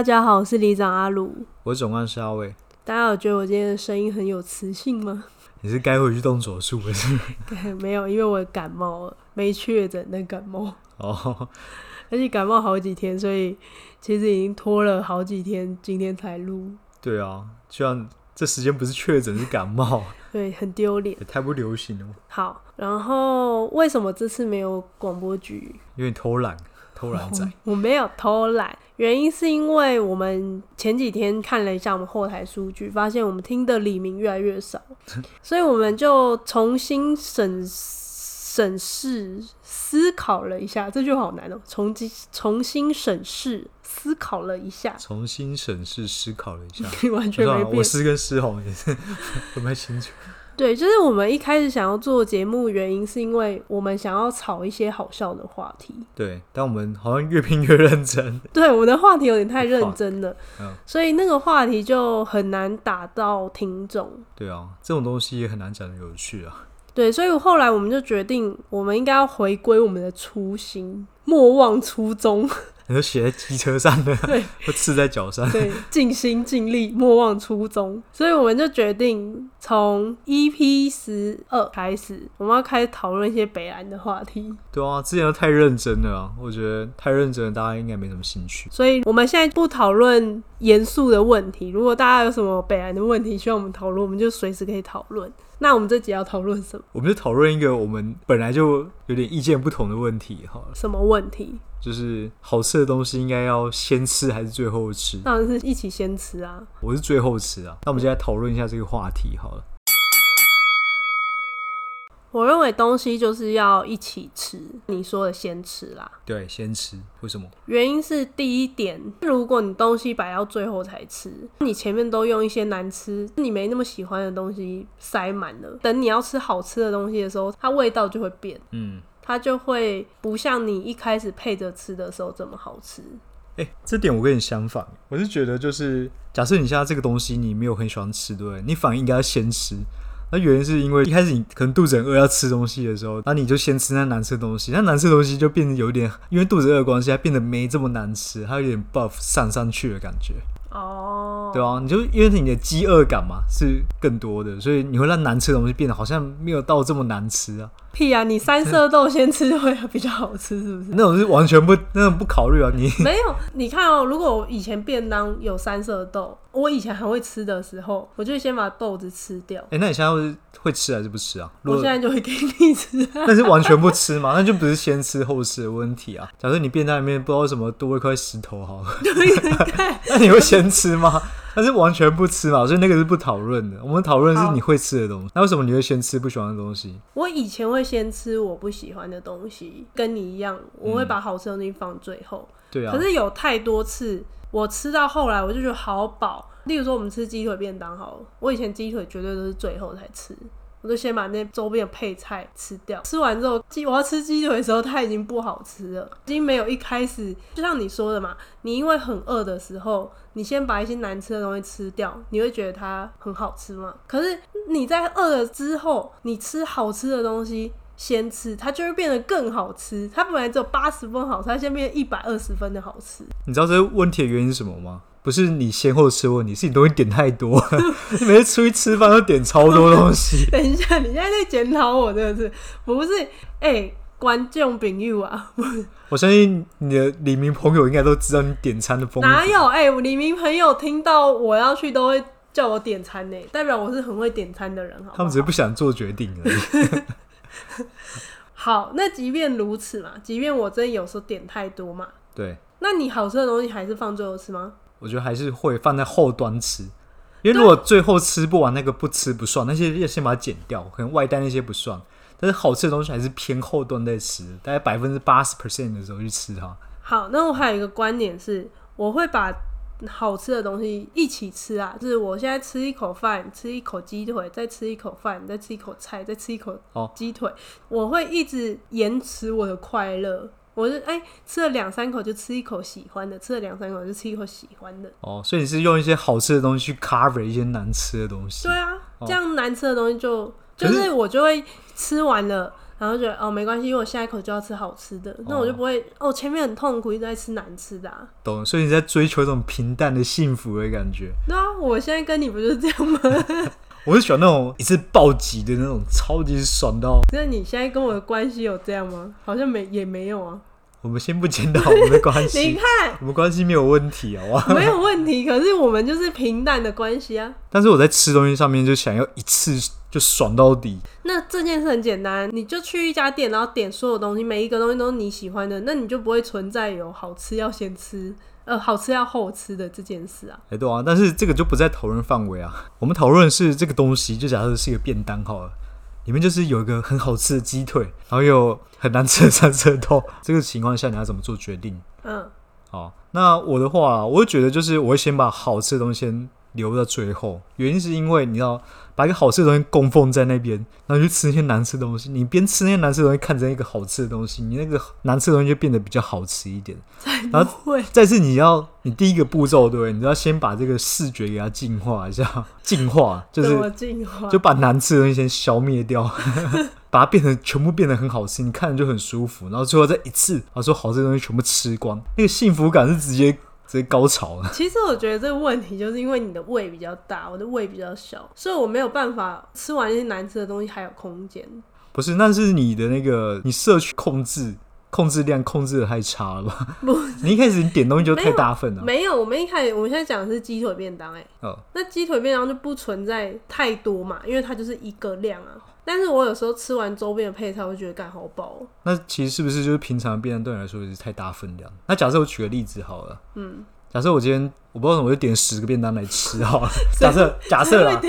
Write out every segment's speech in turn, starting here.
大家好，我是里長阿魯，我是總冠是阿偉。大家有覺得我今天的聲音很有磁性嗎？你是該回去動手術了是不是？ 沒有，因為我感冒了，沒確診但感冒。哦，而且感冒好幾天，所以其實已經拖了好幾天，今天才錄。對啊，就像這時間不是確診，是感冒。 對，很丟臉。太不流行了。好，然後為什麼這次沒有廣播局？因為偷懶。偷懶仔、哦，我沒有偷懶，原因是因為我們前幾天看了一下我們後台數據，發現我們聽的里民越來越少， 所以我們就重新審審視思考了一下，這句好難哦、喔，重新重新審視思考了一下，重新審視思考了一下， 完全沒變。我是跟詩紅也是不太清楚。 對，就是我們一開始想要做節目，原因是因為我們想要炒一些好笑的話題。對，但我們好像越拼越認真。 對，我們的話題有點太認真了， 嗯、所以那個話題就很難打到聽眾。對啊，這種東西也很難講得有趣啊。對，所以後來我們就決定，我們應該要回歸我們的初心，莫忘初衷。 都寫在機車上了，對，都刺在腳上了，對，盡心盡力，莫忘初衷。所以我們就決定從 EP 十二開始，我們要開始討論一些北爛的話題。對啊，之前都太認真了啊，我覺得太認真了，大家應該沒什麼興趣。所以我們現在不討論嚴肅的問題。如果大家有什麼北爛的問題需要我們討論，我們就隨時可以討論。那我們這集要討論什麼？我們就討論一個我們本來就有點意見不同的問題好了。什麼問題？就是好吃的東西應該要先吃還是最後吃？當然是一起先吃啊！我是最後吃啊！那我們就來討論一下這個話題好了。我認為東西就是要一起吃。你說的先吃啦，對，先吃。為什麼？原因是第一點，如果你東西擺到最後才吃，你前面都用一些難吃、你沒那麼喜歡的東西塞滿了，等你要吃好吃的東西的時候，它味道就會變。嗯，它就會不像你一開始配着吃的時候這麼好吃。哎、欸，這點我跟你相反，我是覺得就是，假設你現在這個東西你沒有很喜歡吃，對，你反而應該先吃。那原因是因為一開始你可能肚子很餓要吃東西的時候，那、啊、你就先吃那難吃的東西，那難吃的東西就變得有點，因為肚子餓的關係，它變得沒這麼難吃，它有點 buff 上上去的感覺。哦，對啊，你就因為你的飢餓感嘛是更多的，所以你會讓難吃的東西變得好像沒有到這麼難吃啊。屁啊！你三色豆先吃會比較好吃，是不是？那種是完全不，那種不考慮啊！你沒有？你看哦，如果我以前便當有三色豆，我以前還會吃的時候，我就會先把豆子吃掉。哎、欸，那你現在會吃還是不吃啊？我現在就會給你吃、啊。那是完全不吃嘛？那就不是先吃後吃的問題啊！ 假設你便當裡面不知道為什麼多一塊石頭，好了， 那你會先吃嗎？ 他是完全不吃嘛，所以那個是不討論的。我們討論是你會吃的東西。那為什麼你會先吃不喜歡的東西？我以前會先吃我不喜歡的東西，跟你一樣，我會把好吃的東西放最後。嗯、對啊。可是有太多次，我吃到後來我就覺得好飽。例如說，我們吃雞腿便當，好了，我以前雞腿絕對都是最後才吃，我就先把那周邊的配菜吃掉。吃完之後，雞我要吃雞腿的時候，它已經不好吃了，已經沒有一開始。就像你說的嘛，你因為很餓的時候。你先把一些難吃的東西吃掉，你會覺得它很好吃嗎？可是你在餓了之後，你吃好吃的東西先吃，它就會變得更好吃。它本來只有八十分好吃，它現在變成一百二十分的好吃。你知道這個問題的原因是什麼嗎？不是你先後吃問題，你是你東西點太多。你 每次出去吃飯都點超多東西。 等一下，你現在在檢討我這個，真的是不是？哎、欸。觀眾朋友啊， 我相信你的里民朋友應該都知道你點餐的風格。哪有哎、欸，里民朋友聽到我要去都會叫我點餐呢，代表我是很會點餐的人哈。他們只是不想做決定而已。 好，那即便如此嘛，即便我真有時候點太多嘛，對。那你好吃的東西還是放最後吃嗎？我覺得還是會放在後端吃。因為如果最後吃不完那個不吃不算，那些要先把它減掉，可能外帶那些不算，但是好吃的東西還是偏後端在吃，大概百分之八十 percent 的時候去吃哈，啊。好，那我還有一個觀點是，我會把好吃的東西一起吃啊，就是我現在吃一口飯，吃一口雞腿，再吃一口飯，再吃一口菜，再吃一口雞哦雞腿，我會一直延遲我的快樂。我是哎、欸、吃了兩三口就吃一口喜歡的，吃了兩三口就吃一口喜歡的。哦，所以你是用一些好吃的東西去 cover 一些難吃的東西。對啊，哦、這樣難吃的東西就就是我就會吃完了，然後覺得哦沒關係，因為我下一口就要吃好吃的，哦、那我就不會哦前面很痛苦一直在吃難吃的。啊。懂，所以你在追求一種平淡的幸福的感覺。對啊，我現在跟你不就是這樣嗎？ 我是喜歡那種一次暴擊的那種超級爽的啊。那你現在跟我的關係有這樣嗎？好像沒也沒有啊。我們先不講到我們的關係， 你看，我們關係沒有問題好不好？沒有問題，可是我們就是平淡的關係啊。但是我在吃東西上面就想要一次就爽到底。那這件事很簡單，你就去一家店，然後點所有東西，每一個東西都是你喜歡的，那你就不會存在有好吃要先吃。呃，好吃要後吃的這件事啊，哎、欸，對啊，但是這個就不在討論範圍啊。我們討論是這個東西，就假設是一個便當好了，裡面就是有一個很好吃的雞腿，然後有很難吃的三色豆，這個情況下你要怎麼做決定？嗯，好，那我的話、啊，我會覺得就是我會先把好吃的東西先。留到最後，原因是因為你要把一個好吃的東西供奉在那邊，然後就吃那些難吃的東西。你邊吃那些難吃的東西，看着那個好吃的東西，你那個難吃的東西就變得比較好吃一點。然後，再次你要，你第一個步驟，對不對，你就要先把這個視覺給它淨化一下，淨化就是淨化，就把難吃的東西先消滅掉， 把它變成全部變得很好吃，你看着就很舒服。然後最後再一次把所有好吃的東西全部吃光，那個幸福感是直接。所以高潮了。其實我覺得這個問題就是因為你的胃比較大，我的胃比較小，所以我沒有辦法吃完那些難吃的東西還有空間。不是，那是你的那個你攝取控制控制量控制得太差了吧？不是，你一開始你點東西就太大份了。沒有，沒有我們一開始我們現在講的是雞腿便當、欸，哎、哦，那雞腿便當就不存在太多嘛，因為它就是一個量啊。但是我有時候吃完周邊的配菜，我就覺得感好飽、哦。那其實是不是就是平常的便當對你來說也是太大分量？那假設我舉個例子好了，嗯，假設我今天我不知道怎麼，就點十個便當來吃好了。嗯、假設假設啊，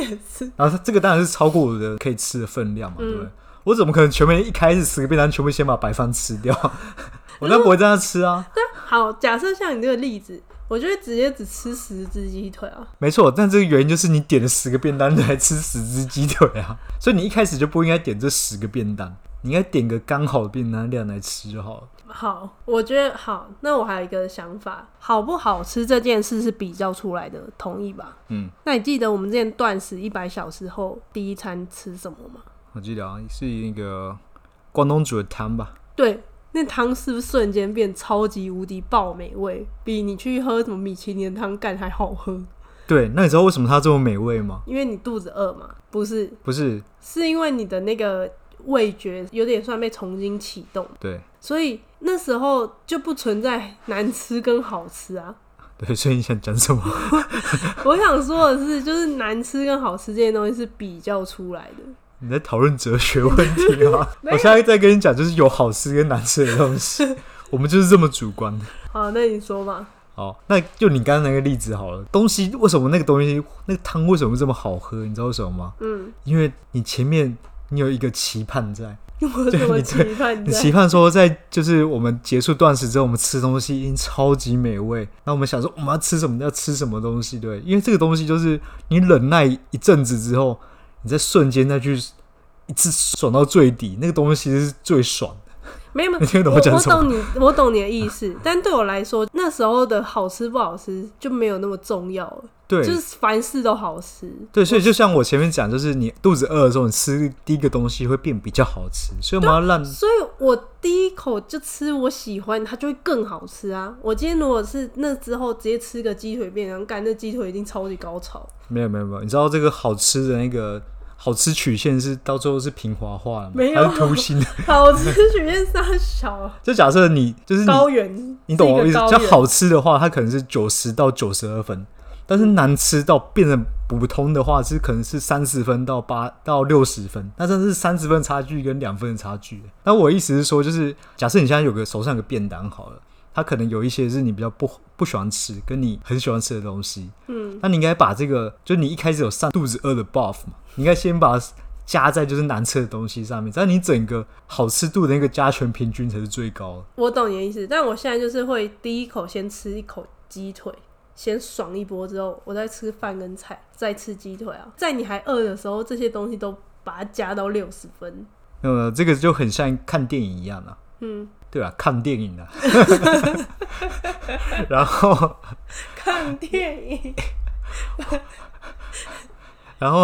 然後這個當然是超過我的可以吃的分量嘛，對不對、嗯、我怎麼可能全部一開始十個便當全部先把白飯吃掉？ 我當然不會這樣吃啊。對，好，假設像你這個例子。我覺得直接只吃十隻雞腿啊！沒錯，但這個原因就是你點了十個便當才吃十隻雞腿啊， 所以你一開始就不應該點這十個便當，你應該點個剛好的便當量來吃就好了。好，我覺得好。那我還有一個想法，好不好吃這件事是比較出來的，同意吧？嗯。那你記得我們之前斷食一百小時後第一餐吃什麼嗎？我記得啊，是那個關東煮的湯吧？對。那湯是不是瞬間變超級無敵爆美味，比你去喝什麼米其林湯乾還好喝？對，那你知道為什麼它這麼美味嗎？因為你肚子餓嘛。不是，不是，是因為你的那個味覺有點算被重新啟動。對，所以那時候就不存在難吃跟好吃啊。對，所以你想講什麼？ 我想說的是，就是難吃跟好吃這些東西是比較出來的。你在討論哲學問題嗎？ 我現在在跟你講，就是有好吃跟難吃的東西， 我們就是這麼主觀的。好，那你說吧。好，那就你剛剛那個例子好了。東西為什麼那個東西，那個湯為什麼會這麼好喝？你知道為什麼嗎？嗯，因為你前面你有一個期盼在，有什麼期盼在？你你期盼說，在就是我們結束斷食之後，我們吃東西已經超級美味。那我們想說，我們要吃什麼？要吃什麼東西？對，因為這個東西就是你忍耐一陣子之後。你在瞬間再去一次爽到最底，那個東西是最爽的。沒有沒有，你講我我懂你，我懂你的意思。 但對我來說，那時候的好吃不好吃就沒有那麼重要了。對，就是凡事都好吃。對，所以就像我前面講，就是你肚子餓的時候，你吃第一個東西會變比較好吃。所以我們要讓，所以我第一口就吃我喜歡，它就會更好吃啊！我今天如果是那之後直接吃個雞腿麵，然後感覺雞腿已經超級高潮。沒有沒有沒有，你知道這個好吃的那個。好吃曲線是到最後是平滑化的，沒有還是偷心。好吃曲線是三小？ 就假設你就是你高原，你懂我意思。就、這個、好吃的話，它可能是九十到九十二分，但是難吃到變成普通的話，是可能是三十分到八到六十分，那這是三十分差距跟兩分的差距。那我意思是說，就是假設你現在有個手上有個便當好了。它可能有一些是你比較不不喜歡吃，跟你很喜歡吃的東西。嗯，那你應該把這個，就是你一開始有上肚子餓的 buff 嘛，你應該先把它加在就是難吃的東西上面，這樣你整個好吃度的那個加權平均才是最高的。我懂你的意思，但我現在就是會第一口先吃一口雞腿，先爽一波之後，我再吃飯跟菜，再吃雞腿啊，在你還餓的時候，這些東西都把它加到六十分。呃、嗯，這個就很像看電影一樣啊。嗯。對吧、啊？看電影的、啊， 然後看電影， 然後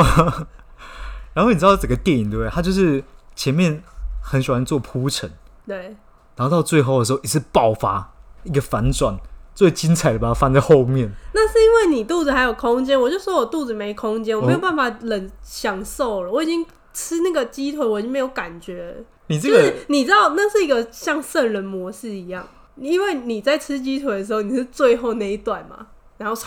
然後你知道整個電影對不對？它就是前面很喜歡做鋪陳，對，然後到最後的時候，一次爆發，一個反轉，最精彩的把它放在後面。那是因為你肚子還有空間，我就說我肚子沒空間，我沒有辦法冷享受了、哦。我已經吃那個雞腿，我已經沒有感覺。你，這個，就是你知道，那是一個像聖人模式一樣，因為你在吃雞腿的時候，你是最後那一段嘛，然後唰，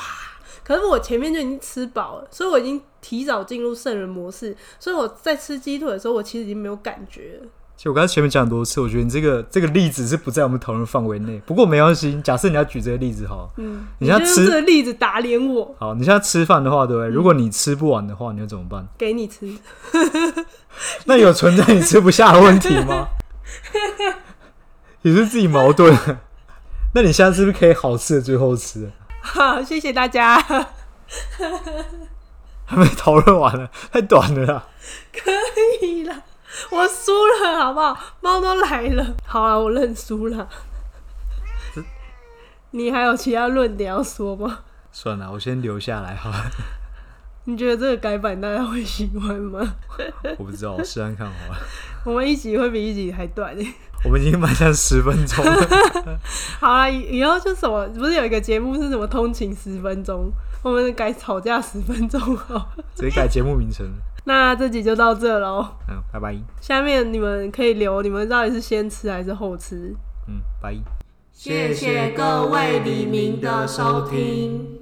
可是我前面就已經吃飽了，所以我已經提早進入聖人模式，所以我在吃雞腿的時候，我其實已經沒有感覺了。其實我剛才前面講很多次，我覺得你這個這個例子是不在我們討論範圍內。不過沒關係，假設你要舉這個例子哈，嗯，你要吃你這個例子打臉我。好，你現在吃飯的話，對，對不對，如果你吃不完的話，你要怎麼辦？給你吃。 那有存在你吃不下的問題嗎？ 也是自己矛盾了。那你下次是不是可以好吃的最後吃？好，謝謝大家。 還沒討論完了，太短了啦。可以了，我輸了好不好？貓都來了，好了啊，我認輸了。你還有其他論點要說嗎？算了，我先留下來好了。你覺得這個改版大家會喜歡嗎？ 我不知道，試看看好了。 我們一集會比一集還短。我們已經馬上十分鐘。好了，以後就什麼不是有一個節目是什麼通勤十分鐘？我們改吵架十分鐘哦。好 直接改節目名稱。 那這集就到這嘍。嗯，拜拜。下面你們可以留，你們到底是先吃還是後吃？嗯，拜，拜。謝謝各位里民的收聽。